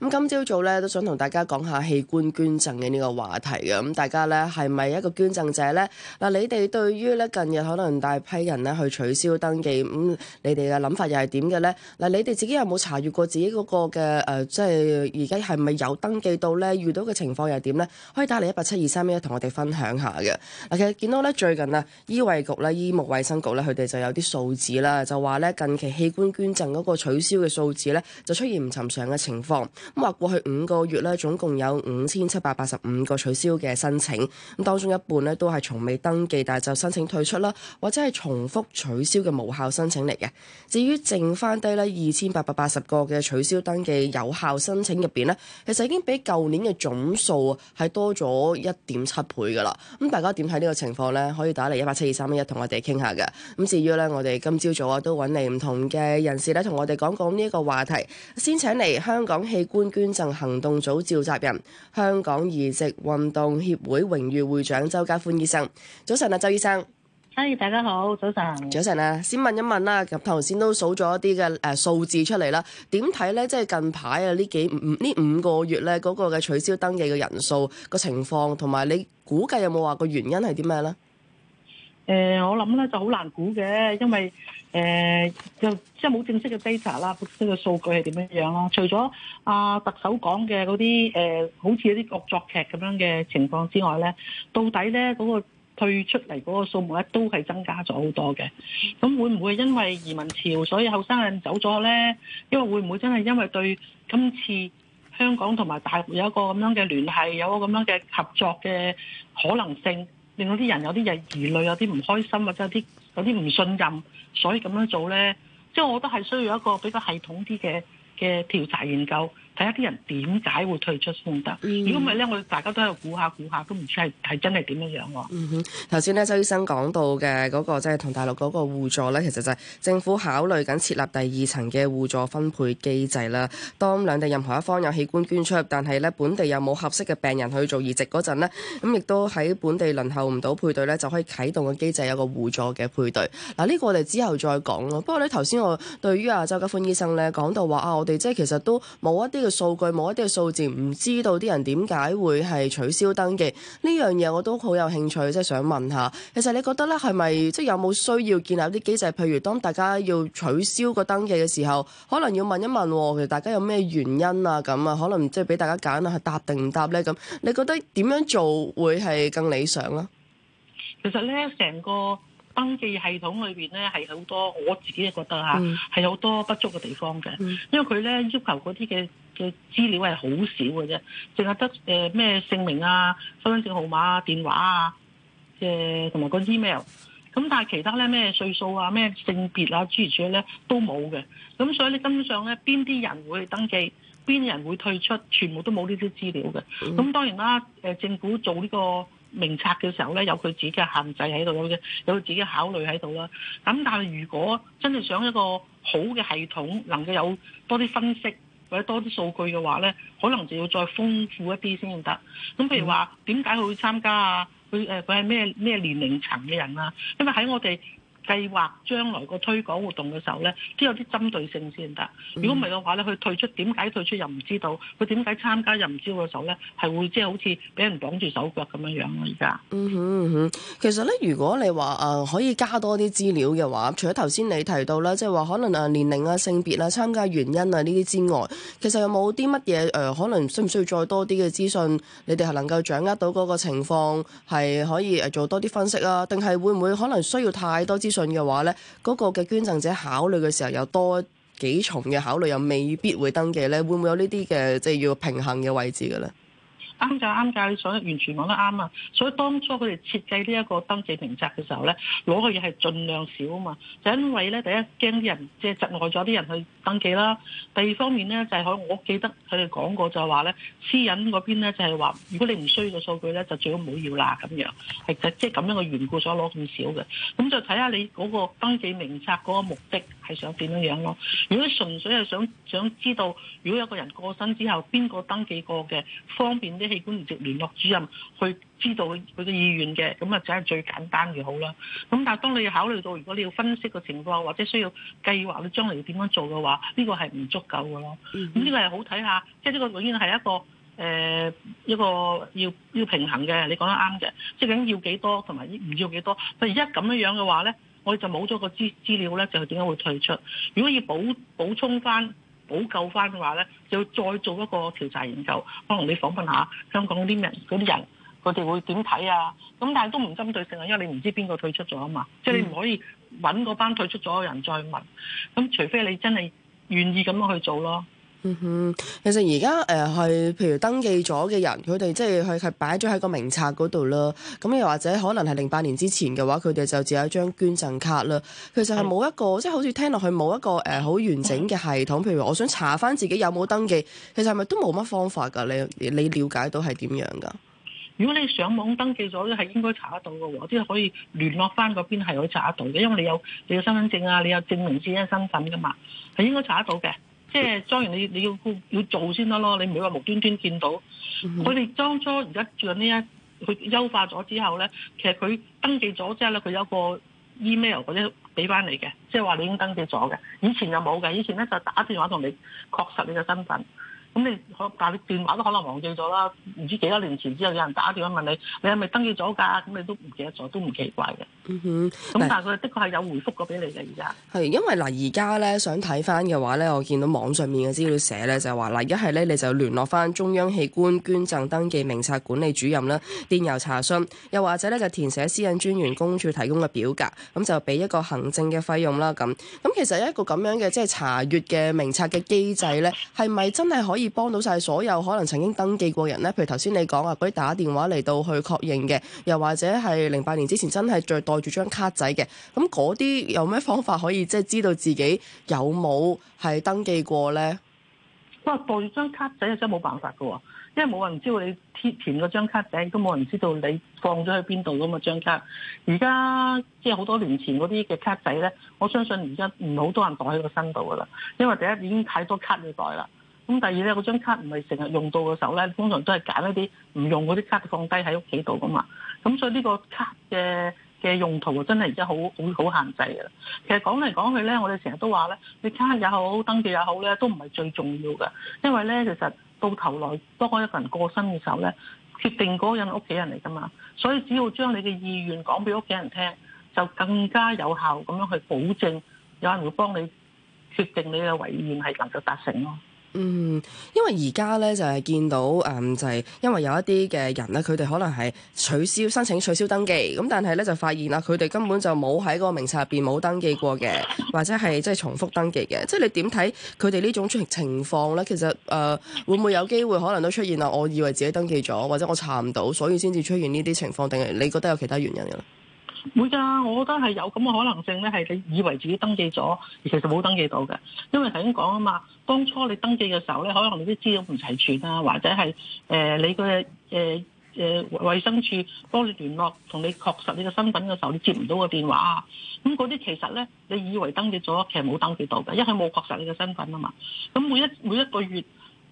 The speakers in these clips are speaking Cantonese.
咁今朝早咧都想同大家講下器官捐贈嘅呢個話題嘅，咁大家咧係咪一個捐贈者咧？嗱，你哋對於咧近日可能大批人咧去取消登記，咁、嗯、你哋嘅諗法又係點嘅咧？嗱，你哋自己有冇查閱過自己嗰、那個嘅誒，即係而家係咪有登記到咧？遇到嘅情況又係點咧？可以打嚟一八七二三一，同我哋分享下嘅。嗱，其實見到咧最近咧醫衛局咧醫務衛生局咧佢哋就有啲數字啦，就話咧近期器官捐贈嗰個取消嘅數字咧就出現唔尋常嘅情況。咁話過去五個月咧，總共有五千七百八十五個取消嘅申請，咁當中一半咧都係從未登記，但係就申請退出啦，或者係重複取消嘅無效申請嚟嘅。至於剩翻低咧二千八百八十個嘅取消登記有效申請入邊呢，其實已經比舊年嘅總數係多咗一點七倍噶啦。咁大家點睇呢個情況呢？可以打嚟一八七二三一一同我哋傾下嘅。咁至於呢，我哋今朝早啊都揾嚟唔同嘅人士咧，同我哋講講呢一個話題。先請嚟香港器官捐捐贈行動組召集人、香港移植運動協會榮譽會長周嘉歡醫生，早晨啊，周醫生，嗨，大家好，早晨，早晨啊，先問一問啦，頭先都數咗一啲嘅誒數字出嚟啦，點睇呢？即係近排啊，呢幾五呢五個月咧，嗰、嗰個嘅取消登記嘅人數個情況，同埋你估計有冇話個原因係啲咩呢？誒、呃，我諗咧就好難估嘅，因為。誒、呃，就即係冇正式嘅 data 啦，冇正式嘅數據係點樣樣咯？除咗阿特首講嘅嗰啲誒，好似一啲惡作劇咁樣嘅情況之外咧，到底咧嗰、嗰個退出嚟嗰個數目咧，都係增加咗好多嘅。咁會唔會因為移民潮，所以後生人走咗咧？因為會唔會真係因為對今次香港同埋大陸有一個咁樣嘅聯繫，有一個咁樣嘅合作嘅可能性，令到啲人有啲嘢疑慮，有啲唔開心或者有啲。有啲唔信任，所以咁樣做咧，即係我覺得係需要一個比較系統啲嘅嘅調查研究。睇下啲人點解會退出先得，如果唔係咧，我哋大家都喺度估下估下，都唔知係係真係點樣樣、啊、喎。嗯哼，頭先咧，周醫生講到嘅嗰、嗰個即係同大陸嗰個互助咧，其實就係政府考慮緊設立第二層嘅互助分配機制啦。當兩地任何一方有器官捐出，但係咧本地有冇合適嘅病人去做移植嗰陣咧，咁亦都喺本地輪候唔到配對咧，就可以啟動個機制，有個互助嘅配對。嗱、啊，呢、呢個我哋之後再講咯。不過你頭先我對於啊周家歡醫生咧講到話啊，我哋即係其實都冇一啲數據，冇一啲嘅數字，唔知道啲人點解會係取消登記呢樣嘢，我都好有興趣，即係想問下。其實你覺得咧，係咪即係有冇需要建立啲機制？譬如當大家要取消個登記嘅時候，可能要問一問，其實大家有咩原因啊？咁啊，可能即係俾大家揀啊，係答定唔答呢？咁你覺得點樣做會係更理想咧？其實呢，成個。登記系統裏邊咧係好多，我自己覺得嚇係有好多不足嘅地方嘅，嗯、因為佢咧要求嗰啲嘅嘅資料係好少嘅啫，淨係得誒咩、呃、姓名啊、身份證號碼啊、電話啊，誒同埋個 email，咁但係其他咧咩歲數啊、咩性別啊諸如此類咧都冇嘅，咁所以你根本上咧邊啲人會登記，邊啲人會退出，全部都冇呢啲資料嘅。咁、嗯、當然啦，誒、呃、政府做呢、這個。名冊嘅時候咧，有佢自己嘅限制喺度，有嘅有佢自己嘅考慮喺度啦。咁但係如果真係想一個好嘅系統，能夠有多啲分析或者多啲數據嘅話咧，可能就要再豐富一啲先得。咁譬如話，點解佢會參加啊？佢誒佢係咩咩年齡層嘅人啊？因為喺我哋，計劃將來個推廣活動嘅時候呢，都有啲針對性先得。如果唔係嘅話咧，佢退出，點解退出又唔知道，佢點解參加又唔知嘅時候呢，係會即係好似俾人綁住手腳咁樣樣咯。而家嗯哼嗯哼，其實呢，如果你話誒、呃、可以加多啲資料嘅話，除咗頭先你提到咧，即係話可能啊年齡啊性別啊、參加原因啊呢啲之外，其實有冇啲乜嘢誒可能需唔需要再多啲嘅資訊？你哋係能夠掌握到嗰個情況，係可以誒做多啲分析啊？定係會唔會可能需要太多資？信嘅話咧，嗰個嘅捐贈者考慮嘅時候有多幾重嘅考慮，又未必會登記咧。會唔會有呢啲嘅即係要平衡嘅位置嘅咧？啱就啱，㗎你想完全講得啱啊！所以當初佢哋設計呢一個登記名冊嘅時候咧，攞嘅嘢係儘量少啊嘛，就因為咧，第一驚啲人即係窒礙咗啲人去登記啦；第二方面咧就係我記得佢哋講過就係話咧，私隱嗰邊咧就係話，如果你唔需要嘅數據咧，就最好唔好要啦咁樣，係即係咁樣嘅緣故所攞咁少嘅。咁就睇下你嗰個登記名冊嗰個目的。係想點樣樣咯？如果純粹係想想知道，如果有個人過身之後，邊個登記過嘅，方便啲器官移植聯絡主任去知道佢嘅意願嘅，咁啊，就係最簡單嘅好啦。咁但係當你要考慮到，如果你要分析個情況，或者需要計劃你將來要點樣做嘅話，呢、這個係唔足夠嘅咯。咁呢個係好睇下，即係呢個永遠係一個誒、呃、一個要要平衡嘅。你講得啱嘅，即係究竟要幾多同埋唔要幾多？但係而家咁樣樣嘅話咧。我哋就冇咗個資資料咧，就係點解會退出？如果要補補充翻、補救翻嘅話咧，就要再做一個調查研究，可能你訪問下香港啲人、嗰啲人，佢哋會點睇啊？咁但係都唔針對性啊，因為你唔知邊個退出咗啊嘛，即係、嗯、你唔可以揾嗰班退出咗嘅人再問。咁除非你真係願意咁樣去做咯。嗯哼，其實而家誒係譬如登記咗嘅人，佢哋即係佢係擺咗喺個名冊嗰度啦。咁又或者可能係零八年之前嘅話，佢哋就只有一張捐贈卡啦。其實係冇一個的即係好似聽落去冇一個誒好、呃、完整嘅系統。譬如我想查翻自己有冇登記，其實係咪都冇乜方法㗎？你你瞭解到係點樣㗎？如果你上網登記咗，係應該查得到嘅。我知可以聯絡翻嗰邊係可以查得到嘅，因為你有你嘅身份證啊，你有證明自己嘅身份㗎嘛，係應該查得到嘅。即係當然你你要你要做先得咯，你唔好話無端端見到。佢哋、mm hmm. 當初而家做呢一佢優化咗之後咧，其實佢登記咗之後咧，佢有個 email 嗰啲俾翻你嘅，即係話你已經登記咗嘅。以前就冇嘅，以前咧就打電話同你確實你嘅身份。咁你可但係你電話都可能忘記咗啦，唔知幾多年前之後有人打電話問你，你係咪登記咗㗎？咁你都唔記得咗，都唔奇怪嘅。嗯哼，咁但係佢的確係有回覆過俾你嘅，而家係因為嗱，而家咧想睇翻嘅話咧，我見到網上面嘅資料寫咧就係話嗱，一係咧你就聯絡翻中央器官捐贈登記名冊管理主任啦，電郵查詢，又或者咧就填寫私隱專員公署提供嘅表格，咁就俾一個行政嘅費用啦。咁咁其實一個咁樣嘅即係查閲嘅名冊嘅機制咧，係咪真係可以？可以幫到晒所有可能曾經登記過人咧，譬如頭先你講啊，嗰啲打電話嚟到去確認嘅，又或者係零八年之前真係再袋住張卡仔嘅，咁嗰啲有咩方法可以即係知道自己有冇係登記過咧？不過，袋住張卡仔真係冇辦法嘅，因為冇人知道你填個張卡仔，都冇人知道你放咗去邊度嘅嘛，張卡。而家即係好多年前嗰啲嘅卡仔咧，我相信而家唔好多人袋喺個身度嘅啦，因為第一已經太多卡要袋啦。咁第二咧，嗰張卡唔係成日用到嘅時候咧，通常都係揀一啲唔用嗰啲卡放低喺屋企度噶嘛。咁所以呢個卡嘅嘅用途就真係而家好好好限制嘅。其實講嚟講去咧，我哋成日都話咧，你卡又好，登記又好咧，都唔係最重要嘅。因為咧，其實到頭來，當一個人過身嘅時候咧，決定嗰個人屋企人嚟噶嘛。所以只要將你嘅意願講俾屋企人聽，就更加有效咁樣去保證有人會幫你決定你嘅遺願係能夠達成咯。嗯，因為而家咧就係、是、見到誒、嗯，就係、是、因為有一啲嘅人咧，佢哋可能係取消申請取消登記，咁但係咧就發現啦，佢哋根本就冇喺個名冊入邊冇登記過嘅，或者係即係重複登記嘅，即係你點睇佢哋呢種情情況咧？其實誒、呃，會唔會有機會可能都出現啦？我以為自己登記咗，或者我查唔到，所以先至出現呢啲情況，定係你覺得有其他原因嘅啦？會㗎，我覺得係有咁嘅可能性咧，係你以為自己登記咗，而其實冇登記到嘅。因為頭先講啊嘛，當初你登記嘅時候咧，可能你啲資料唔齊全啊，或者係誒、呃、你嘅誒誒衛生署幫你聯絡，同你確實你嘅身份嘅時候，你接唔到個電話啊。咁嗰啲其實咧，你以為登記咗，其實冇登記到嘅，因為冇確實你嘅身份啊嘛。咁每一每一個月，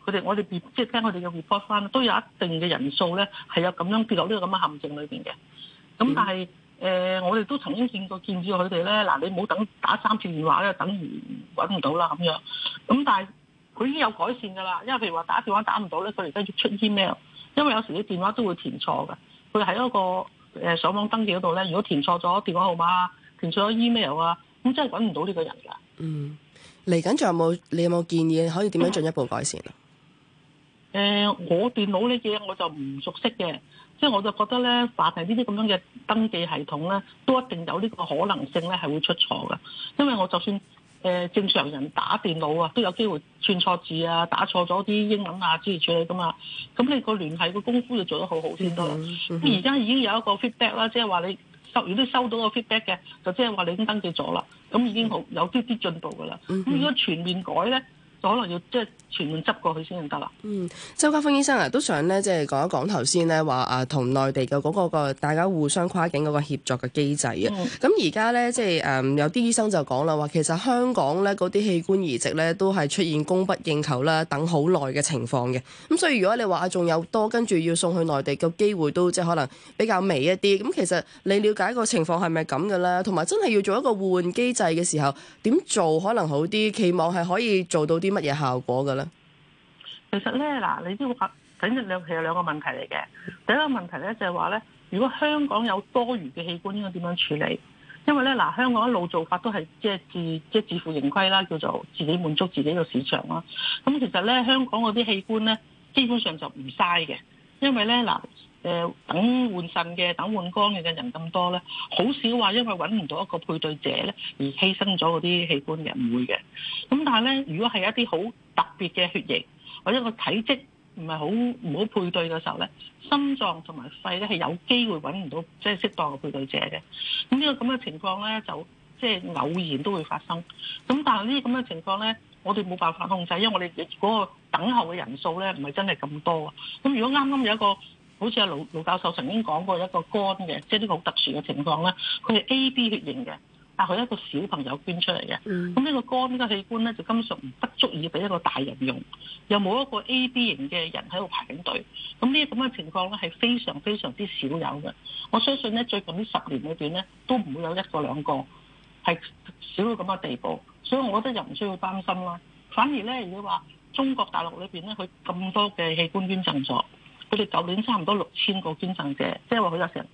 佢哋我哋即係聽我哋嘅 report 翻，都有一定嘅人數咧，係有咁樣跌落呢個咁嘅陷阱裏邊嘅。咁但係，嗯誒、呃，我哋都曾經見過見住佢哋咧。嗱，你冇等打三次電話咧，等於揾唔到啦咁樣。咁但係佢已經有改善㗎啦。因為譬如話打電話打唔到咧，佢哋家要出 email。Mail，因為有時啲電話都會填錯㗎。佢喺嗰個、呃、上網登記嗰度咧，如果填錯咗電話號碼、填錯咗 email 啊，咁真係揾唔到呢個人㗎。嗯，嚟緊仲有冇？你有冇建議可以點樣進一步改善啊？誒、嗯呃，我電腦呢嘢我就唔熟悉嘅。即係我就覺得咧，凡係呢啲咁樣嘅登記系統咧，都一定有呢個可能性咧，係會出錯嘅。因為我就算誒、呃、正常人打電腦啊，都有機會串錯字啊，打錯咗啲英文啊之類處理噶嘛。咁你個聯繫個功夫就做得好好先得。咁而家已經有一個 feedback 啦，即係話你收，如果你收到個 feedback 嘅，就即係話你已經登記咗啦。咁已經好有啲啲進步噶啦。咁如果全面改咧？可能要即係全面執過去先得啦。嗯，周嘉歡醫生啊，都想咧即係講一講頭先咧話啊，同內地嘅嗰、那個個大家互相跨境嗰個協作嘅機制、嗯、啊。咁而家咧即係誒、嗯、有啲醫生就講啦，話其實香港咧嗰啲器官移植咧都係出現供不應求啦，等好耐嘅情況嘅。咁、啊、所以如果你話啊仲有多跟住要送去內地嘅機會都即係可能比較微一啲。咁、啊、其實你了解個情況係咪咁嘅咧？同埋真係要做一個互換機制嘅時候，點做可能好啲？期望係可以做到啲。啲乜嘢效果嘅咧？其實咧，嗱，你都要話整日兩其實兩個問題嚟嘅。第一個問題咧就係話咧，如果香港有多餘嘅器官，應該點樣處理？因為咧，嗱，香港一路做法都係即係自即係自負盈虧啦，叫做自己滿足自己個市場啦。咁、嗯、其實咧，香港嗰啲器官咧，基本上就唔嘥嘅，因為咧，嗱。誒等換腎嘅、等換肝嘅嘅人咁多咧，好少話因為揾唔到一個配對者咧而犧牲咗嗰啲器官嘅，唔會嘅。咁但係咧，如果係一啲好特別嘅血型，或者個體積唔係好唔好配對嘅時候咧，心臟同埋肺咧係有機會揾唔到即係、就是、適當嘅配對者嘅。咁呢個咁嘅情況咧，就即係、就是、偶然都會發生。咁但係呢啲咁嘅情況咧，我哋冇辦法控制，因為我哋嗰個等候嘅人數咧唔係真係咁多。咁如果啱啱有一個好似阿盧盧教授曾經講過一個肝嘅，即係呢個好特殊嘅情況咧，佢係 A B 血型嘅，但佢一個小朋友捐出嚟嘅。咁呢、嗯、個肝呢個器官咧，就根本唔不足以俾一個大人用，又冇一個 A B 型嘅人喺度排緊隊。咁呢啲咁嘅情況咧，係非常非常之少有嘅。我相信咧，最近呢十年裏邊咧，都唔會有一個兩個係少到咁嘅地步。所以，我覺得又唔需要擔心啦。反而咧，如果話中國大陸裏邊咧，佢咁多嘅器官捐贈咗。佢哋舊年差唔多六千個捐贈者，即係話佢有成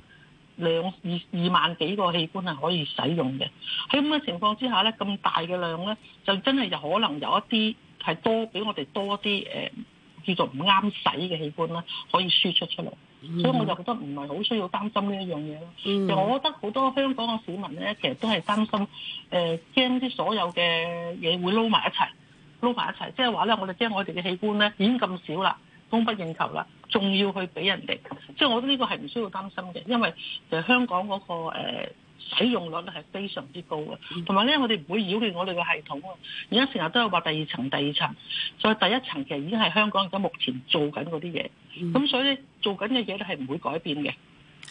兩二二萬幾個器官係可以使用嘅。喺咁嘅情況之下咧，咁大嘅量咧，就真係就可能有一啲係多俾我哋多啲、呃、叫做唔啱使嘅器官啦，可以輸出出嚟。所以我就覺得唔係好需要擔心呢一樣嘢咯。嗯、我覺得好多香港嘅市民咧，其實都係擔心誒，驚、呃、啲所有嘅嘢會撈埋一齊，撈埋一齊，即係話咧，我哋驚我哋嘅器官咧已經咁少啦。供不應求啦，仲要去俾人哋，即係我覺得呢個係唔需要擔心嘅，因為就香港嗰、嗰個、呃、使用率咧係非常之高嘅，同埋咧我哋唔會擾亂我哋嘅系統啊。而家成日都係話第二層、第二層，再第一層其實已經係香港而家目前做緊嗰啲嘢，咁、嗯、所以咧做緊嘅嘢咧係唔會改變嘅，好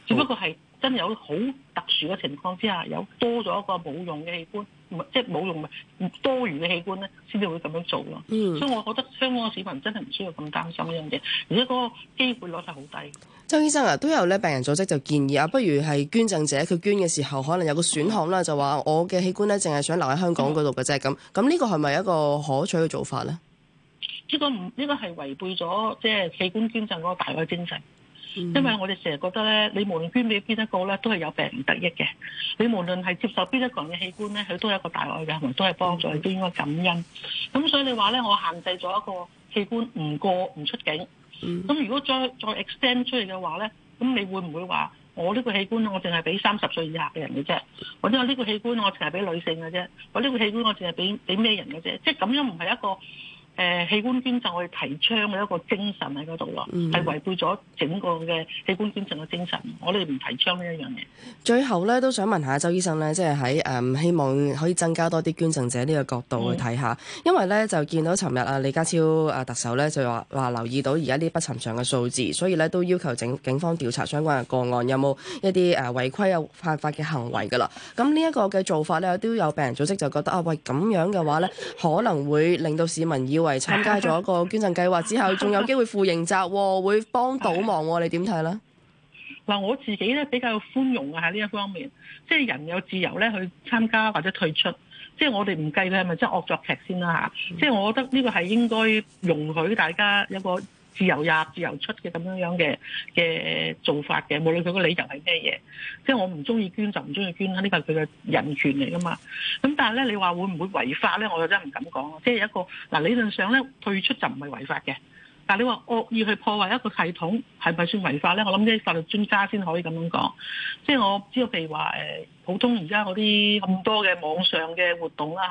只不過係真係有好特殊嘅情況之下有多咗一個冇用嘅器官。即係冇用嘅，多餘嘅器官咧，先至會咁樣做咯。嗯、所以，我覺得香港嘅市民真係唔需要咁擔心呢樣嘢，而且嗰個機會率係好低。周醫生啊，都有咧病人組織就建議啊，不如係捐贈者佢捐嘅時候，可能有個選項啦，就話我嘅器官咧，淨係想留喺香港嗰度嘅啫。咁咁呢個係咪一個可取嘅做法咧？呢個唔呢、這個係違背咗即係器官捐贈嗰個大愛精神。因為我哋成日覺得咧，你無論捐俾邊一個咧，都係有病人得益嘅。你無論係接受邊一個人嘅器官咧，佢都係一個大愛嘅，同都係幫助，都應該感恩。咁所以你話咧，我限制咗一個器官唔過唔出境。咁如果再再 extend 出嚟嘅話咧，咁你會唔會話我呢個器官我淨係俾三十歲以下嘅人嘅啫？或者我呢個器官我淨係俾女性嘅啫？我呢個器官我淨係俾俾咩人嘅啫？即係咁都唔係一個。誒器官捐贈我哋提倡嘅一個精神喺嗰度咯，係違、嗯、背咗整個嘅器官捐贈嘅精神，我哋唔提倡呢一樣嘢。最後咧，都想問下周醫生咧，即係喺希望可以增加多啲捐贈者呢個角度去睇下，嗯、因為咧就見到尋日啊李家超啊特首咧就話話留意到而家啲不尋常嘅數字，所以咧都要求警警方調查相關嘅個案，有冇一啲誒違規有犯法嘅行為噶啦？咁呢一個嘅做法咧，都有病人組織就覺得啊，喂咁樣嘅話咧，可能會令到市民要。參加咗一個捐贈計劃之後，仲有機會負刑責，會幫倒忙，你點睇咧？嗱， 我自己咧比較寬容啊，喺呢一方面，即係人有自由咧去參加或者退出，即係我哋唔計佢係咪真係惡作劇先啦嚇。即係我覺得呢個係應該容許大家一個。自由入、自由出嘅咁樣樣嘅嘅做法嘅，無論佢個理由係咩嘢，即係我唔中意捐就唔中意捐啦，呢個係佢嘅人權嚟噶嘛。咁但係咧，你話會唔會違法咧？我又真係唔敢講。即係一個嗱理論上咧，退出就唔係違法嘅。但你話惡意去破壞一個系統，係咪算違法咧？我諗啲法律專家先可以咁樣講。即係我知道，譬如話誒，普通而家嗰啲咁多嘅網上嘅活動啦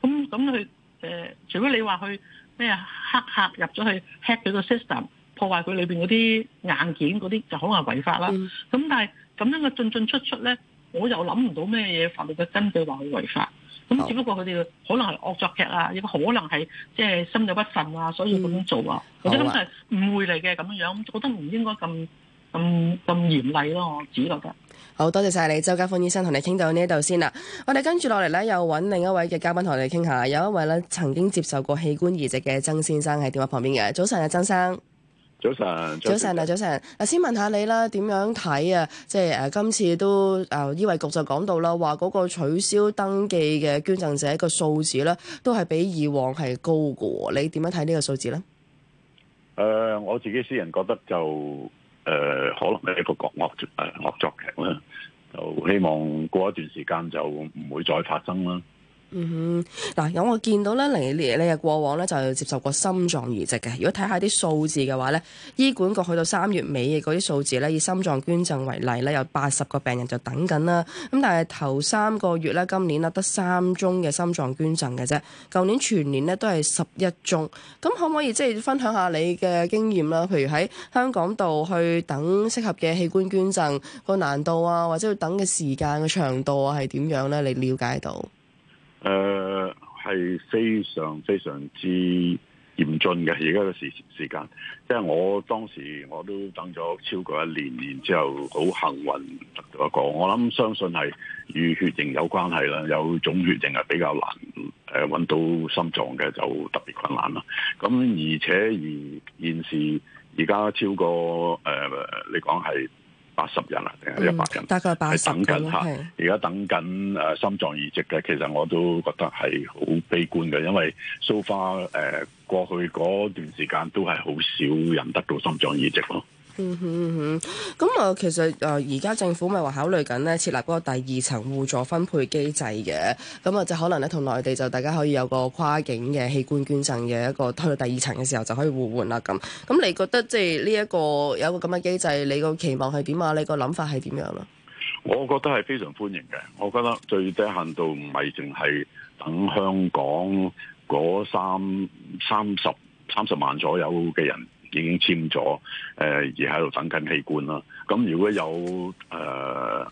吓，咁咁佢誒，除非你話去。咩黑客入咗去 hack 佢個 system，破壞佢裏邊嗰啲硬件嗰啲就可能係違法啦。咁、嗯、但係咁樣嘅進進出出咧，我又諗唔到咩嘢法律嘅根據話佢違法。咁只不過佢哋可能係惡作劇啊，亦可能係即係心有不慎啊，所以咁樣做、嗯、啊。或者咁係誤會嚟嘅咁樣，我覺得唔應該咁咁咁嚴厲咯。我自己覺得。好多謝晒你，周嘉歡醫生，同你傾到呢度先啦。我哋跟住落嚟咧，又揾另一位嘅嘉賓同我哋傾下，有一位咧曾經接受過器官移植嘅曾先生喺電話旁邊嘅。早晨啊，曾生，早晨，早晨啊，早晨上。嗱上，先問下你啦，點樣睇啊？即係誒、啊，今次都誒、啊，醫衛局就講到啦，話嗰個取消登記嘅捐贈者個數字咧，都係比以往係高嘅。你點樣睇呢個數字咧？誒、呃，我自己私人覺得就誒、呃，可能係一個惡希望過一段時間，就唔會再發生啦。嗯哼，嗱，咁我見到咧，黎你嘅過往咧就接受過心臟移植嘅。如果睇下啲數字嘅話咧，醫管局去到三月尾，嗰啲數字咧以心臟捐贈為例咧，有八十個病人就等緊啦。咁但係頭三個月咧，今年咧得三宗嘅心臟捐贈嘅啫。舊年全年咧都係十一宗。咁可唔可以即係分享下你嘅經驗啦？譬如喺香港度去等適合嘅器官捐贈個難度啊，或者要等嘅時間嘅長度啊，係點樣咧？你了解到？誒，係、呃、非常非常之嚴峻嘅，而家嘅時時間，即係我當時我都等咗超過一年，然之後好幸運得到一個，我諗相信係與血型有關係啦，有種血型係比較難誒搵、呃、到心臟嘅就特別困難啦。咁而且而現時而家超過誒、呃，你講係。八十人啊，定係一百人，嗯？大概八十人。等緊嚇，而家的等緊誒心臟移植嘅，其實我都覺得係好悲觀嘅，因為 so far 誒過去嗰段時間都係好少人得到心臟移植咯。嗯哼嗯哼，咁啊，其實，誒，而家政府咪話考慮緊咧設立嗰個第二層互助分配機制嘅，咁啊，就可能咧同內地就大家可以有個跨境嘅器官捐贈嘅一個去到第二層嘅時候就可以互換啦咁。咁你覺得即係呢一個有個咁嘅機制，你個期望係點啊？你個諗法係點樣咯？我覺得係非常歡迎嘅。我覺得最低限度唔係淨係等香港嗰三三十三十萬左右嘅人，已經簽咗，誒、呃、而喺度等緊器官啦。咁如果有誒、呃、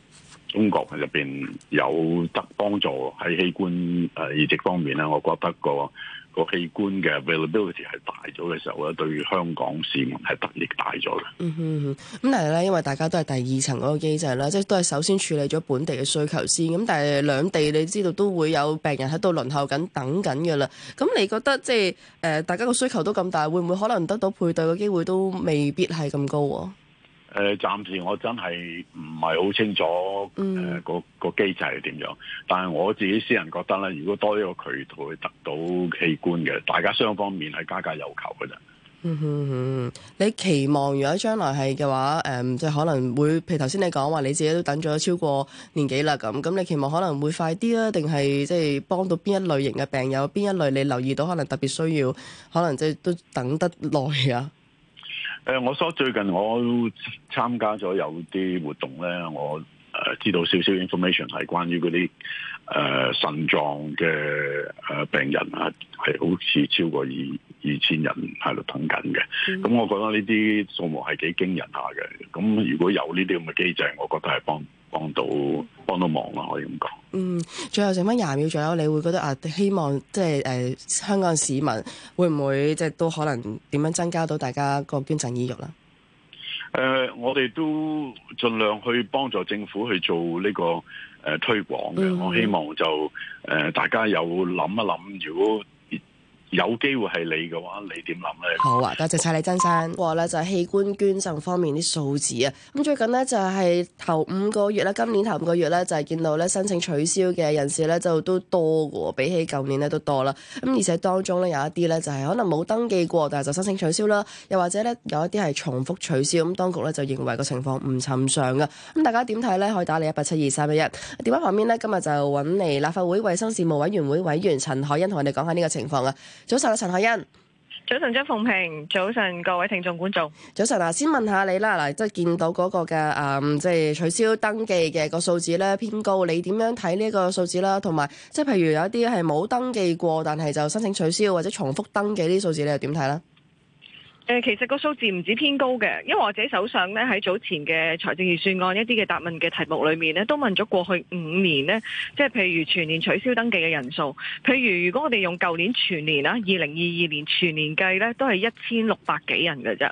中國入邊有得幫助喺器官誒移植方面咧，我覺得個個器官嘅 availability 係大咗嘅時候咧，對於香港市民係得益大咗嘅。嗯哼嗯，咁但係咧，因為大家都係第二層嗰個機制啦，即係都係首先處理咗本地嘅需求先。咁但係兩地你知道都會有病人喺度輪候緊等緊噶啦。咁你覺得即係誒，大家個需求都咁大，會唔會可能得到配對嘅機會都未必係咁高啊？誒，暫時我真係唔係好清楚誒，個個、嗯呃、機制係點樣？但係我自己私人覺得咧，如果多一個渠道去得到器官嘅，大家雙方面係加價有求嘅啫。嗯哼哼，你期望如果將來係嘅話，誒、嗯，即、就是、可能會譬如頭先你講話，你自己都等咗超過年幾啦，咁咁，你期望可能會快啲啊？定係即係幫到邊一類型嘅病友？邊一類你留意到可能特別需要？可能即係都等得耐啊？誒，我所最近我參加咗有啲活動咧，我誒知道少少 information 係關於嗰啲誒腎臟嘅誒病人啊，係好似超過二二千人喺度等緊嘅，咁我覺得呢啲數目係幾驚人下嘅。咁如果有呢啲咁嘅機制，我覺得係幫。幫到，幫到忙啊！可以咁講。嗯，最後剩翻廿秒左右，你會覺得啊，希望即係誒香港市民會唔會即係、就是、都可能點樣增加到大家個捐贈意欲啦？誒、呃，我哋都盡量去幫助政府去做呢個誒推廣嘅。嗯、我希望就誒、呃、大家有諗一諗，如果。有機會係你嘅話，你點諗咧？好啊，多謝晒你。曾生話咧，就是、器官捐贈方面啲數字啊。咁、嗯、最近呢，就係、是、頭五個月啦。今年頭五個月咧就係、是、見到咧申請取消嘅人士咧就都多過比起舊年咧都多啦。咁、嗯、而且當中咧有一啲咧就係、是、可能冇登記過，但係就申請取消啦。又或者咧有一啲係重複取消，咁、嗯、當局咧就認為個情況唔尋常嘅。咁、嗯、大家點睇咧？可以打你一八七二三一一電話旁邊呢，今日就揾嚟立法會衛生事務委員會委員陳凱欣同我哋講下呢個情況啊。早晨，陳凱欣。早晨，張鳳平。早晨，各位聽眾觀眾。早晨嗱，先問下你啦，嗱，即係見到嗰個嘅，誒，即係取消登記嘅個數字咧偏高，你點樣睇呢一個數字啦？同埋，即係譬如有一啲係冇登記過，但係就申請取消或者重複登記呢啲數字，你又點睇咧？呃、其實個數字唔止偏高嘅，因為我自己手上咧，喺早前嘅財政預算案一啲嘅答問嘅題目裏面咧，都問咗過去五年呢，即係譬如全年取消登記嘅人數，譬如如果我哋用舊年全年啦，二零二二年全年計咧，都係一千六百幾人㗎啫。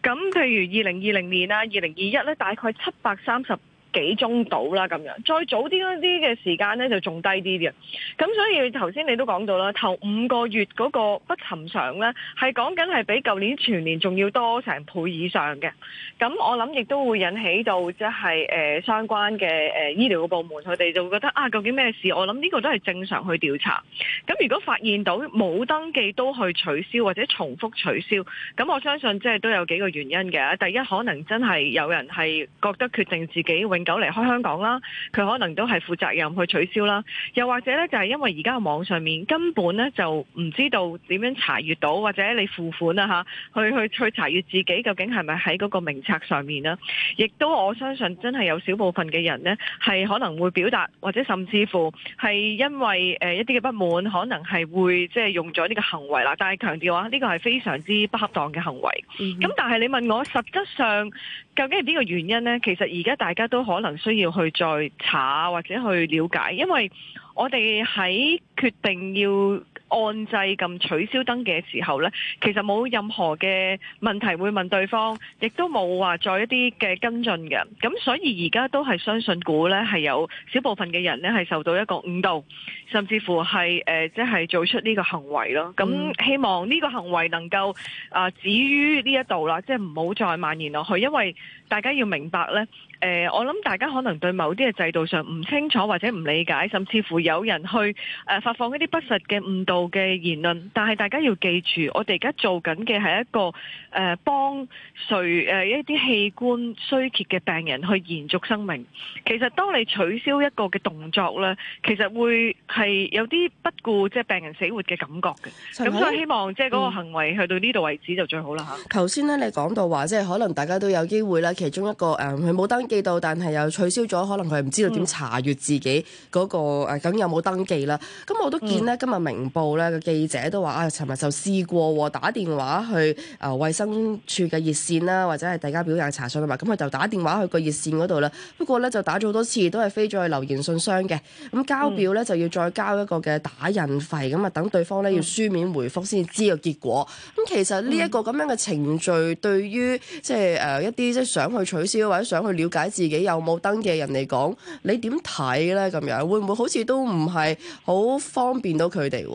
咁，譬如二零二零年啊，二零二一咧，大概七百三十。幾鐘到啦，咁樣再早啲啲嘅時間咧，就仲低啲嘅。咁所以頭先你都講到啦，頭五個月嗰個不尋常咧，係講緊係比舊年全年仲要多成倍以上嘅。咁我諗亦都會引起到即係誒相關嘅誒、呃、醫療嘅部門，佢哋就會覺得啊，究竟咩事？我諗呢個都係正常去調查。咁如果發現到冇登記都去取消或者重複取消，咁我相信即係都有幾個原因嘅。第一可能真係有人係覺得決定自己永永久離開香港啦，佢可能都係負責任去取消啦。又或者呢，就係因為而家網上面根本呢，就唔知道點樣查閲到，或者你付款啊嚇，去去去查閲自己究竟係咪喺嗰個名冊上面呢。亦都我相信真係有少部分嘅人呢，係可能會表達，或者甚至乎係因為誒一啲嘅不滿，可能係會即係用咗呢個行為啦。但係強調話，呢個係非常之不恰當嘅行為。咁但係你問我，實質上究竟係邊個原因呢？其實而家大家都。可能需要去再查或者去了解，因為我哋喺決定要按制咁取消登記嘅時候咧，其實冇任何嘅問題會問對方，亦都冇話做一啲嘅跟進嘅。咁所以而家都係相信估咧係有少部分嘅人咧係受到一個誤導，甚至乎係誒即係做出呢個行為咯。咁希望呢個行為能夠啊止於呢一度啦，即係唔好再蔓延落去，因為。大家要明白呢，誒，我諗大家可能對某啲嘅制度上唔清楚或者唔理解，甚至乎有人去誒發放一啲不實嘅誤導嘅言論。但係大家要記住，我哋而家做緊嘅係一個誒幫誰誒一啲器官衰竭嘅病人去延續生命。其實當你取消一個嘅動作呢，其實會係有啲不顧即係病人死活嘅感覺嘅。咁所以希望即係嗰個行為去到呢度為止就最好啦嚇。頭先呢你講到話即係可能大家都有機會啦。其中一個誒，佢、嗯、冇登記到，但係又取消咗，可能佢唔知道點查閲自己嗰、那個誒，咁、嗯啊、有冇登記啦？咁、嗯、我都見咧，今日明報咧嘅記者都話啊，尋日就試過打電話去啊，衛、呃、生署嘅熱線啦，或者係遞交表格查詢啊嘛，咁、嗯、佢、嗯、就打電話去個熱線嗰度啦。不過咧就打咗好多次，都係飛咗去留言信箱嘅。咁、嗯嗯、交表咧就要再交一個嘅打印費，咁啊等對方咧要書面回覆先知個結果。咁、嗯嗯、其實呢一個咁樣嘅程序對於，對於即係誒一啲即係想去取消或者想去了解自己有冇登記人嚟講，你點睇咧？咁樣會唔會好似都唔係好方便到佢哋？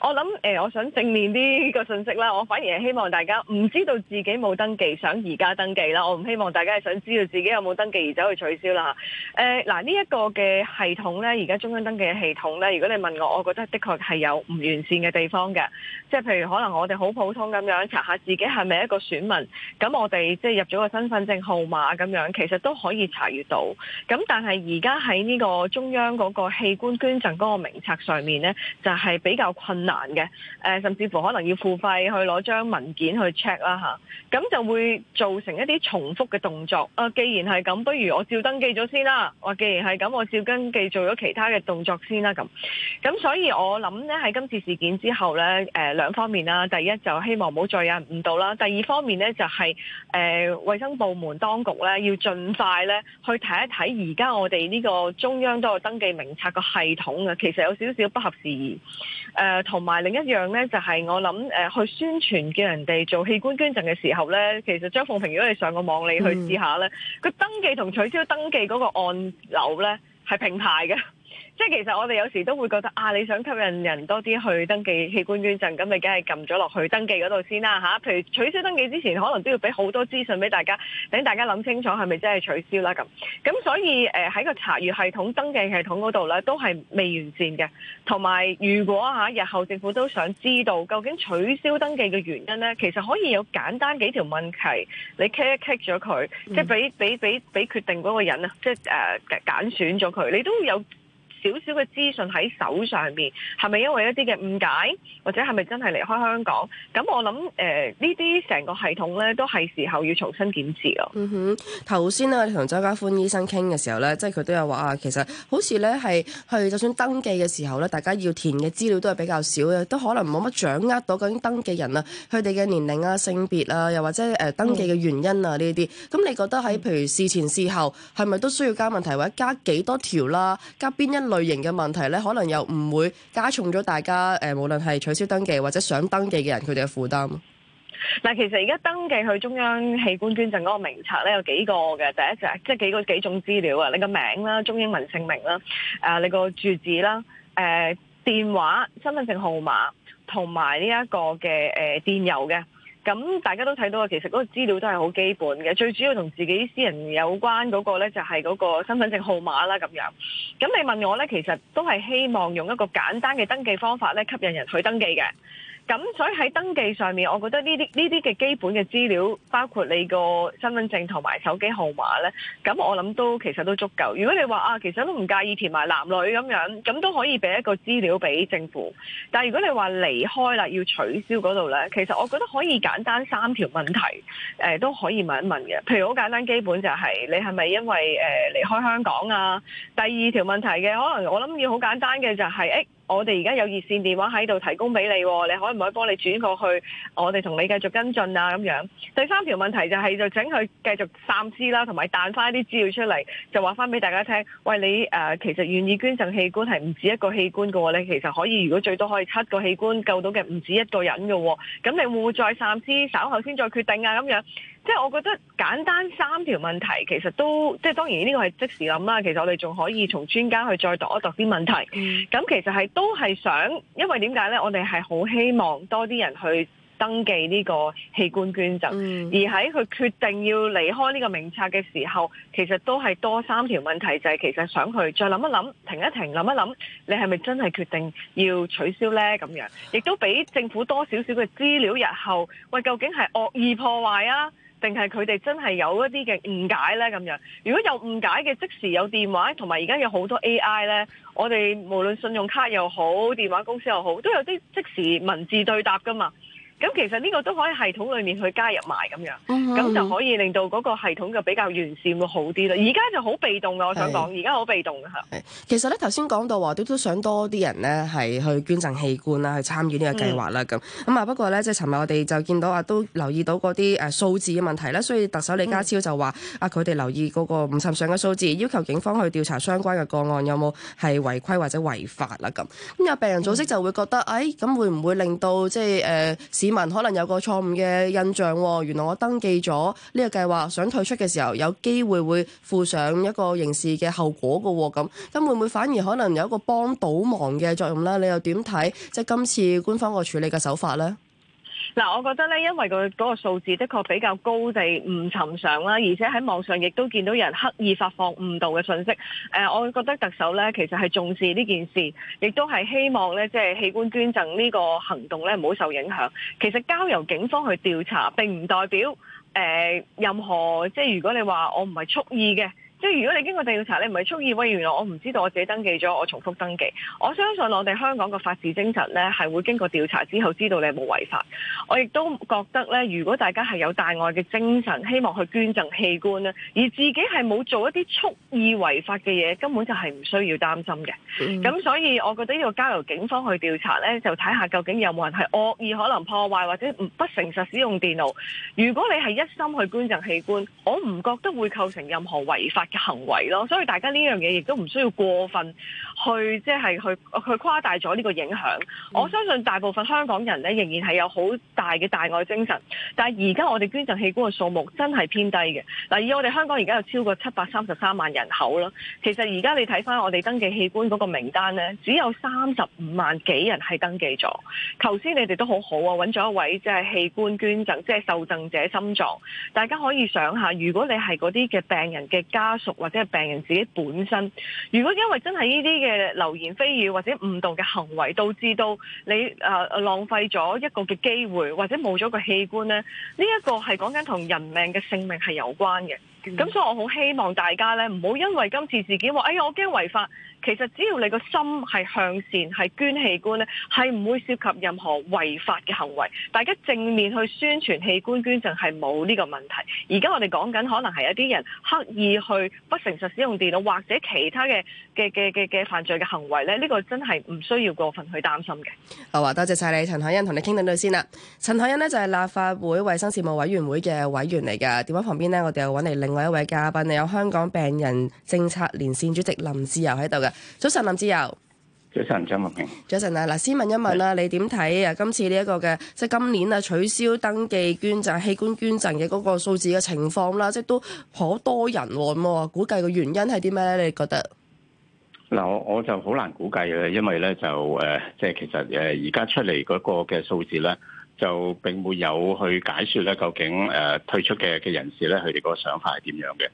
我諗誒，我想正面啲個信息啦。我反而係希望大家唔知道自己冇登記，想而家登記啦。我唔希望大家係想知道自己有冇登記而走去取消啦。誒、呃、嗱，呢、這、一個嘅系統呢，而家中央登記嘅系統呢，如果你問我，我覺得的確係有唔完善嘅地方嘅。即係譬如可能我哋好普通咁樣查下自己係咪一個選民，咁我哋即係入咗個身份證號碼咁樣，其實都可以查閱到。咁但係而家喺呢個中央嗰個器官捐贈嗰個名冊上面呢，就係、是、比較困。難嘅，誒甚至乎可能要付費去攞張文件去 check 啦嚇，咁、啊、就會造成一啲重複嘅動作。啊，既然係咁，不如我照登記咗先啦。我、啊、既然係咁，我照登記做咗其他嘅動作先啦咁。咁、啊、所以我諗咧喺今次事件之後咧，誒、呃、兩方面啦，第一就希望唔好再有人誤導啦。第二方面咧就係誒衛生部門當局咧要盡快咧去睇一睇而家我哋呢個中央都有登記名冊個系統啊，其實有少少不合時宜。誒、呃、同。同埋另一樣呢，就係、是、我諗誒、呃、去宣傳叫人哋做器官捐贈嘅時候呢，其實張鳳平，如果你上個網你去試下呢，佢、嗯、登記同取消登記嗰個按鈕呢，係並排嘅。即係其實我哋有時都會覺得啊，你想吸引人多啲去登記器官捐贈，咁你梗係撳咗落去登記嗰度先啦吓、啊、譬如取消登記之前，可能都要俾好多資訊俾大家，等大家諗清楚係咪真係取消啦咁。咁所以誒喺、呃、個查閱系統、登記系統嗰度咧，都係未完善嘅。同埋如果吓、啊、日後政府都想知道究竟取消登記嘅原因咧，其實可以有簡單幾條問題，你 kick kick 咗佢，即係俾俾俾俾決定嗰個人啊，即係揀、呃、選咗佢，你都有。少少嘅資訊喺手上邊，係咪因為一啲嘅誤解，或者係咪真係離開香港？咁我諗誒，呢啲成個系統咧，都係時候要重新檢視咯。嗯哼，頭先咧，我同周嘉歡醫生傾嘅時候咧，即係佢都有話啊，其實好似咧係去就算登記嘅時候咧，大家要填嘅資料都係比較少嘅，都可能冇乜掌握到究竟登記人啊，佢哋嘅年齡啊、性別啊，又或者誒登記嘅原因啊呢啲。咁、嗯、你覺得喺譬如事前事後係咪都需要加問題或者加幾多條啦、啊？加邊一類型嘅問題咧，可能又唔會加重咗大家誒，無論係取消登記或者想登記嘅人，佢哋嘅負擔。嗱，其實而家登記去中央器官捐贈嗰個名冊呢，有幾個嘅。第一只即係幾個幾種資料啊，你個名啦，中英文姓名啦，誒，你個住址啦，誒、呃，電話、身份證號碼同埋呢一個嘅誒、呃、電郵嘅。咁大家都睇到啊，其實嗰個資料都係好基本嘅，最主要同自己私人有關嗰個呢，就係嗰個身份證號碼啦咁樣。咁你問我呢，其實都係希望用一個簡單嘅登記方法呢，吸引人去登記嘅。咁所以喺登記上面，我覺得呢啲呢啲嘅基本嘅資料，包括你個身份證同埋手機號碼咧，咁我諗都其實都足夠。如果你話啊，其實都唔介意填埋男女咁樣，咁都可以俾一個資料俾政府。但係如果你話離開啦，要取消嗰度咧，其實我覺得可以簡單三條問題，誒、呃、都可以問一問嘅。譬如好簡單，基本就係、是、你係咪因為誒、呃、離開香港啊？第二條問題嘅可能，我諗要好簡單嘅就係、是、誒。我哋而家有熱線電話喺度提供俾你，你可唔可以幫你轉過去？我哋同你繼續跟進啊，咁樣。第三條問題就係，就請佢繼續三思啦，同埋彈翻啲資料出嚟，就話翻俾大家聽。喂，你誒、呃、其實願意捐贈器官係唔止一個器官嘅喎。你其實可以如果最多可以七個器官救到嘅，唔止一個人嘅喎，咁你會唔會再三思，稍後先再決定啊？咁樣。即係我覺得簡單三條問題，其實都即係當然呢個係即時諗啦。其實我哋仲可以從專家去再度一度啲問題。咁、嗯、其實係都係想，因為點解呢？我哋係好希望多啲人去登記呢個器官捐贈。嗯、而喺佢決定要離開呢個名冊嘅時候，其實都係多三條問題，就係、是、其實想佢再諗一諗，停一停，諗一諗，你係咪真係決定要取消呢？咁樣亦都俾政府多少少嘅資料，日後喂究竟係惡意破壞啊？定係佢哋真係有一啲嘅誤解呢？咁樣，如果有誤解嘅即時有電話，同埋而家有好多 AI 呢。我哋無論信用卡又好，電話公司又好，都有啲即時文字對答㗎嘛。咁其實呢個都可以系統裏面去加入埋，咁樣，咁就可以令到嗰個系統就比較完善會好啲啦。而家就好被動啦，我想講，而家好被動嚇。其實咧頭先講到話都都想多啲人咧係去捐贈器官啦，去參與呢個計劃啦咁。咁啊不過咧，即係尋日我哋就見到啊都留意到嗰啲誒數字嘅問題啦，所以特首李家超就話啊，佢哋留意嗰個唔尋常嘅數字，要求警方去調查相關嘅個案有冇係違規或者違法啦咁。咁有病人組織就會覺得誒，咁會唔會令到即係誒市？市民可能有個錯誤嘅印象，原來我登記咗呢個計劃，想退出嘅時候有機會會附上一個刑事嘅後果㗎咁，咁會唔會反而可能有一個幫倒忙嘅作用咧？你又點睇，即係今次官方個處理嘅手法咧？嗱，我覺得咧，因為個嗰個數字的確比較高地唔尋常啦，而且喺網上亦都見到有人刻意發放誤導嘅信息。誒，我覺得特首咧其實，係重視呢件事，亦都係希望咧即係器官捐贈呢個行動咧唔好受影響。其實交由警方去調查並唔代表誒、呃、任何，即係如果你話，我唔係蓄意嘅。即係如果你經過調查，你唔係蓄意違，原來我唔知道我自己登記咗，我重複登記。我相信我哋香港嘅法治精神呢，係會經過調查之後知道你冇違法。我亦都覺得呢，如果大家係有大愛嘅精神，希望去捐贈器官呢，而自己係冇做一啲蓄意違法嘅嘢，根本就係唔需要擔心嘅。咁所以，我覺得要交由警方去調查呢，就睇下究竟有冇人係惡意可能破壞或者唔不誠實使用電腦。如果你係一心去捐贈器官，我唔覺得會構成任何違法嘅行為咯，所以大家呢樣嘢亦都唔需要過分去即係、就是、去去誇大咗呢個影響。嗯、我相信大部分香港人呢，仍然係有好大嘅大愛精神，但係而家我哋捐贈器官嘅數目真係偏低嘅。嗱，以我哋香港而家有超過七百三十三萬人口啦，其實而家你睇返我哋登記器官嗰個名單呢，只有三十五萬幾人係登記咗。頭先你哋都好好啊，揾咗一位即係器官捐贈，即、就、係、是、受贈者心臟。大家可以想下，如果你係嗰啲嘅病人嘅家，熟或者係病人自己本身，如果因為真係呢啲嘅流言蜚語或者誤導嘅行為，導致到你誒浪費咗一個嘅機會，或者冇咗個器官咧，呢、呢、一個係講緊同人命嘅性命係有關嘅。咁所以，我好希望大家咧唔好因為今次事件話，哎呀，我驚違法。其實只要你個心係向善，係捐器官咧，係唔會涉及任何違法嘅行為。大家正面去宣傳器官捐贈係冇呢個問題。而家我哋講緊可能係一啲人刻意去不誠實使用電腦，或者其他嘅嘅嘅嘅嘅犯罪嘅行為咧，呢、呢個真係唔需要過分去擔心嘅。好，啊，多謝晒你，陳凱欣同你傾兩句先啦。陳凱欣呢，就係立法會衞生事務委員會嘅委員嚟嘅，電話旁邊呢，我哋又揾你。另外一位嘉賓，你有香港病人政策連線主席林志釉喺度嘅。早晨，林志釉。早晨，張文平。早晨啊，嗱，先問一問啦，是你點睇啊？今次呢、這、一個嘅即係今年啊，取消登記捐贈器官捐贈嘅嗰個數字嘅情況啦，即係都好多人喎、啊，估計嘅原因係啲咩咧？你覺得？嗱，我我就好難估計嘅，因為咧就誒，即係其實誒而家出嚟嗰個嘅數字咧。就並沒有去解説咧，究竟誒、呃、退出嘅嘅人士咧，佢哋嗰個想法係點樣嘅？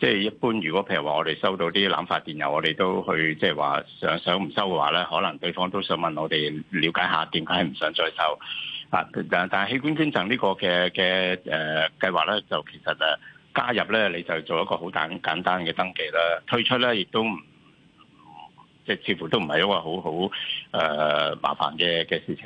即係一般，如果譬如話我哋收到啲濫發電郵，我哋都去即係話想想唔收嘅話咧，可能對方都想問我哋了解下點解係唔想再收。啊，但但係器官捐贈呢個嘅嘅誒計劃咧，就其實誒加入咧，你就做一個好簡簡單嘅登記啦。退出咧，亦都唔即係似乎都唔係一個好好誒麻煩嘅嘅事情。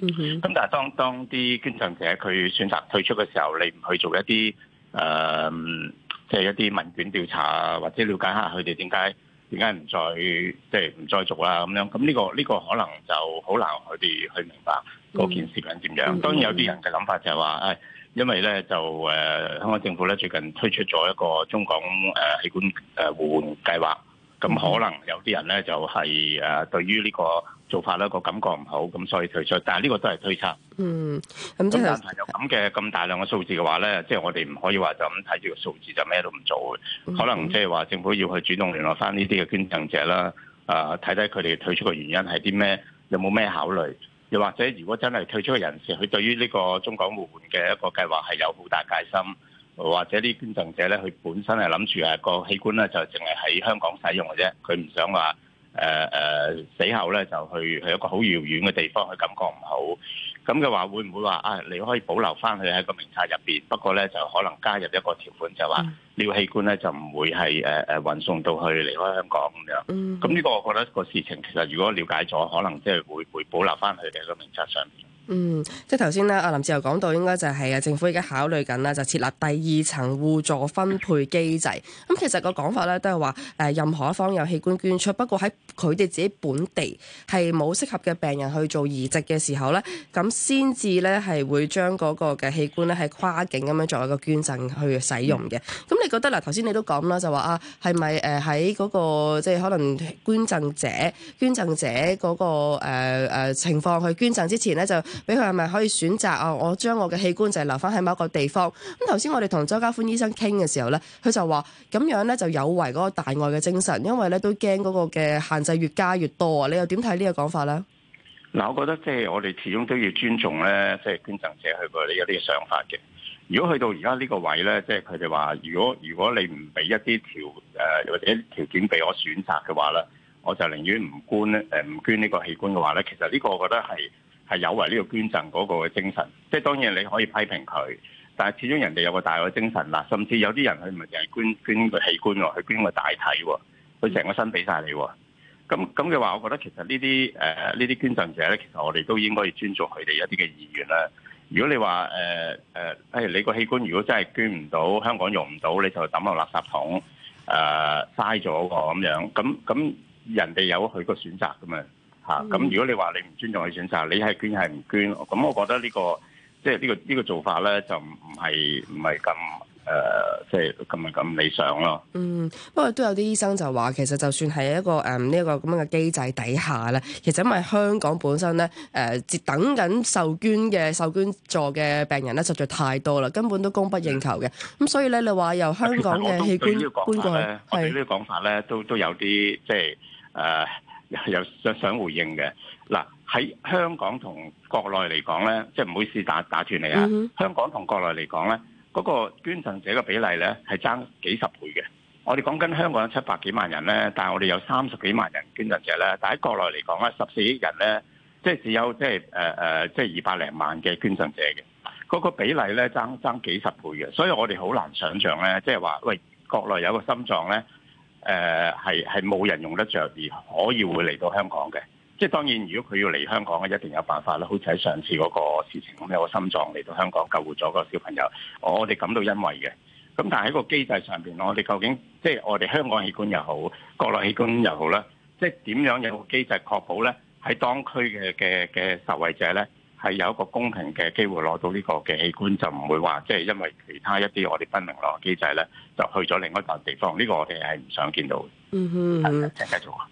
嗯哼，咁但係當當啲捐贈者佢選擇退出嘅時候，你唔去做一啲誒，即、嗯、係、就是、一啲問卷調查啊，或者了解下佢哋點解點解唔再即係唔再做啦咁樣，咁呢、這個呢、這個可能就好難佢哋去明白嗰件事究竟點樣。當然有啲人嘅諗法就係話誒，因為咧就誒、呃、香港政府咧最近推出咗一個中港誒、呃、器官誒、呃、互換計劃，咁可能有啲人咧就係、是、誒對於呢、這個，做法咧個感覺唔好，咁所以退出。但係呢個都係推測。嗯，咁即係有咁嘅咁大量嘅數字嘅話咧，即係我哋唔可以話就咁睇住個數字就咩都唔做嘅。可能即係話政府要去主動聯絡翻呢啲嘅捐贈者啦，啊睇睇佢哋退出嘅原因係啲咩，有冇咩考慮？又或者如果真係退出嘅人士，佢對於呢個中港互換嘅一個計劃係有好大戒心，或者啲捐贈者咧，佢本身係諗住啊個器官咧就淨係喺香港使用嘅啫，佢唔想話。誒誒、呃呃，死後咧就去去一個好遙遠嘅地方，佢感覺唔好，咁嘅話會唔會話啊？你可以保留翻佢喺個名冊入面？不過咧就可能加入一個條款就說，就話、嗯、呢個器官咧就唔會係誒誒運送到去離開香港咁樣。咁、嗯、呢個我覺得個事情其實如果了解咗，可能即係會會保留翻佢喺個名冊上面。嗯，即係頭先咧，阿林志釉講到，應該就係啊，政府而家考慮緊咧，就設立第二層互助分配機制。咁其實個講法咧，都係話誒，任何一方有器官捐出，不過喺佢哋自己本地係冇適合嘅病人去做移植嘅時候咧，咁先至咧係會將嗰個嘅器官咧，係跨境咁樣作為一個捐贈去使用嘅。咁、嗯、你覺得嗱？頭先你都講啦，就話啊、那個，係咪誒喺嗰個即係可能捐贈者捐贈者嗰、那個誒誒、呃呃、情況去捐贈之前咧就？俾佢係咪可以選擇啊、哦？我將我嘅器官就係留翻喺某一個地方咁。頭、嗯、先我哋同周家歡醫生傾嘅時候咧，佢就話咁樣咧就有違嗰個大愛嘅精神，因為咧都驚嗰個嘅限制越加越多啊！你又點睇呢個講法咧？嗱、嗯，我覺得即係我哋始終都要尊重咧，即係捐贈者佢個呢一啲想法嘅。如果去到而家呢個位咧，即係佢哋話，如果如果你唔俾一啲條誒、呃、或者一啲條件俾我選擇嘅話咧，我就寧願唔捐咧，呃、唔捐呢個器官嘅話咧，其實呢個我覺得係，係有違呢個捐贈嗰個嘅精神，即係當然你可以批評佢，但係始終人哋有個大愛精神啦。甚至有啲人佢唔係淨係捐捐個器官喎，佢捐個大體喎，佢成個身俾晒你喎。咁咁嘅話，我覺得其實呢啲誒呢啲捐贈者咧，其實我哋都應該要尊重佢哋一啲嘅意願啦。如果你話誒誒，誒、呃呃、你個器官如果真係捐唔到，香港用唔到，你就抌落垃圾桶，誒嘥咗喎咁樣，咁咁、那個、人哋有佢個選擇㗎嘛？嚇！咁、嗯、如果你話你唔尊重佢選擇，你係捐係唔捐？咁、嗯、我覺得呢、呢個即係呢個呢、呢個做法咧、呃，就唔係唔係咁誒，即係咁啊咁理想咯。嗯，不過都有啲醫生就話，其實就算係一個誒呢一個咁樣嘅機制底下咧，其實因為香港本身咧誒接等緊受捐嘅受捐助嘅病人咧，實在太多啦，根本都供不應求嘅。咁所以咧，你話由香港嘅器官捐呢？過去呢個講法咧，呢都都有啲即係誒。呃有想想回應嘅嗱，喺香港同國內嚟講咧，即係唔好意思打打斷你啊！香港同國內嚟講咧，嗰個捐贈者嘅比例咧係爭幾十倍嘅。我哋講緊香港有七百幾萬人咧，但係我哋有三十幾萬人捐贈者咧，但喺國內嚟講咧，十四億人咧，即係只有即係誒誒，即係二百零萬嘅捐贈者嘅嗰個比例咧爭爭幾十倍嘅，所以我哋好難想像咧，即係話喂，國內有個心臟咧。誒係係冇人用得着，而可以會嚟到香港嘅，即係當然，如果佢要嚟香港，一定有辦法啦。好似喺上次嗰個事情咁，有個心臟嚟到香港救活咗個小朋友，哦，我哋感到欣慰嘅。咁但係喺個機制上邊，我哋究竟即係我哋香港器官又好，國內器官又好咧，即係點樣有個機制確保咧，喺當區嘅嘅嘅受惠者咧？係有一個公平嘅機會攞到呢個嘅器官，就唔會話即係因為其他一啲我哋不明朗嘅機制咧，就去咗另一笪地方。呢個我哋係唔想見到。嗯，嗯，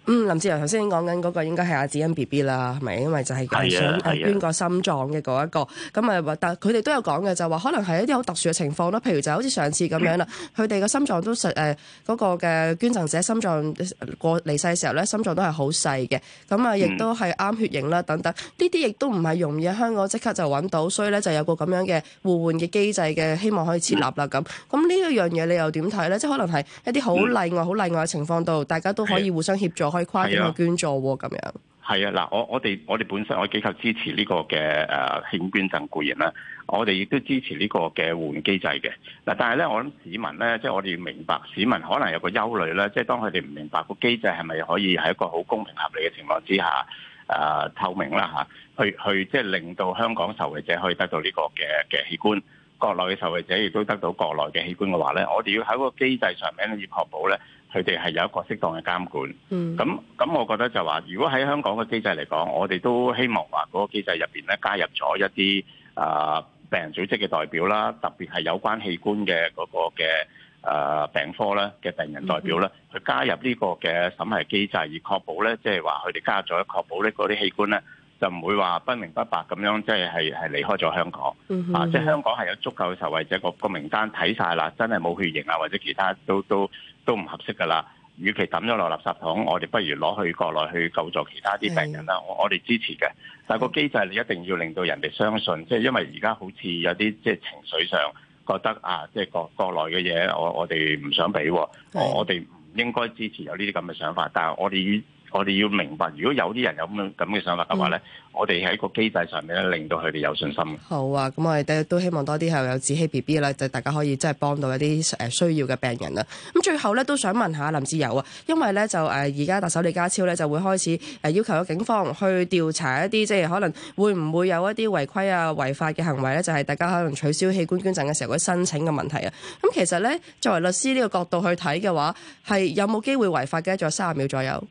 林志釉頭先講緊嗰個應該係阿子欣 B B 啦，係咪？因為就係想捐個心臟嘅嗰一個。咁啊，啊那個、但佢哋都有講嘅，就話可能係一啲好特殊嘅情況啦。譬如就好似上次咁樣啦，佢哋嘅心臟都實誒嗰個嘅捐贈者心臟過離世嘅時候咧，心臟都係好細嘅。咁啊，亦都係啱血型啦，等等。呢啲亦都唔係容易，喺香港即刻就揾到，所以咧就有個咁樣嘅互換嘅機制嘅，希望可以設立啦。咁咁呢一樣嘢，你又點睇呢？即係可能係一啲好例外、好、嗯、例外嘅情況。大家都可以互相協助，是可以跨境去捐助咁樣。係啊，嗱，我我哋我哋本身我哋機構支持呢個嘅誒器官捐贈固然啦，我哋亦都支持呢個嘅換機制嘅。嗱，但係咧，我諗市民咧，即係我哋要明白，市民可能有個憂慮咧，即係當佢哋唔明白個機制係咪可以喺一個好公平合理嘅情況之下誒透明啦吓，去去即係令到香港受惠者可以得到呢個嘅嘅器官，國內嘅受惠者亦都得到國內嘅器官嘅話咧，我哋要喺個機制上面要確保咧。佢哋係有一個適當嘅監管，咁咁，我覺得就話，如果喺香港嘅機制嚟講，我哋都希望話嗰個機制入面咧加入咗一啲啊、呃、病人組織嘅代表啦，特別係有關器官嘅嗰、嗰個嘅啊、呃、病科啦、嘅病人代表啦，去加入呢個嘅審核機制，而確保咧，即係話佢哋加入咗，確保咧嗰啲器官咧。就唔會話不明不白咁樣，即係係係離開咗香港、嗯、哼啊！即係香港係有足夠嘅受惠者個個名單睇晒啦，真係冇血型啊，或者其他都都都唔合適噶啦。與其抌咗落垃圾桶，我哋不如攞去國內去救助其他啲病人啦。是我我哋支持嘅，但係個機制你一定要令到人哋相信，即係是因為而家好似有啲即係情緒上覺得啊，即係國國內嘅嘢是、啊，我我哋唔想俾，我我哋唔應該支持有呢啲咁嘅想法。但係我哋。我哋要明白，如果有啲人有咁樣咁嘅想法嘅話，咧、嗯，我哋喺個機制上面咧，令到佢哋有信心。好啊，咁我哋都希望多啲係有子希 B B 啦，就大家可以即係幫到一啲需要嘅病人啦。咁最後咧，都想問下林志釉啊，因為咧就而家特首李家超咧就會開始要求咗警方去調查一啲即係可能會唔會有一啲違規啊違法嘅行為咧，就係、是、大家可能取消器官捐贈嘅時候嗰啲申請嘅問題啊。咁、嗯、其實咧，作為律師呢個角度去睇嘅話，係有冇機會違法嘅？仲有三十秒左右。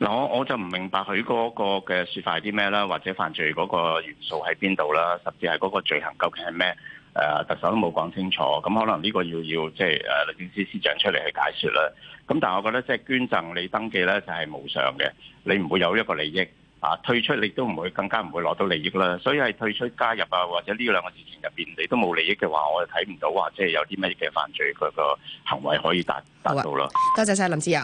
嗱，我我就唔明白佢嗰個嘅説法係啲咩啦，或者犯罪嗰個元素喺邊度啦，甚至係嗰個罪行究竟係咩？誒，特首都冇講清楚，咁可能呢個要要即係誒律政司司長出嚟去解説啦。咁但係我覺得即係捐贈你登記咧就係無償嘅，你唔會有一個利益啊，退出你都唔會更加唔會攞到利益啦。所以係退出加入啊，或者呢兩個事情入邊你都冇利益嘅話，我睇唔到話即係有啲咩嘅犯罪嗰個行為可以達達到咯、啊。多謝晒林志釉。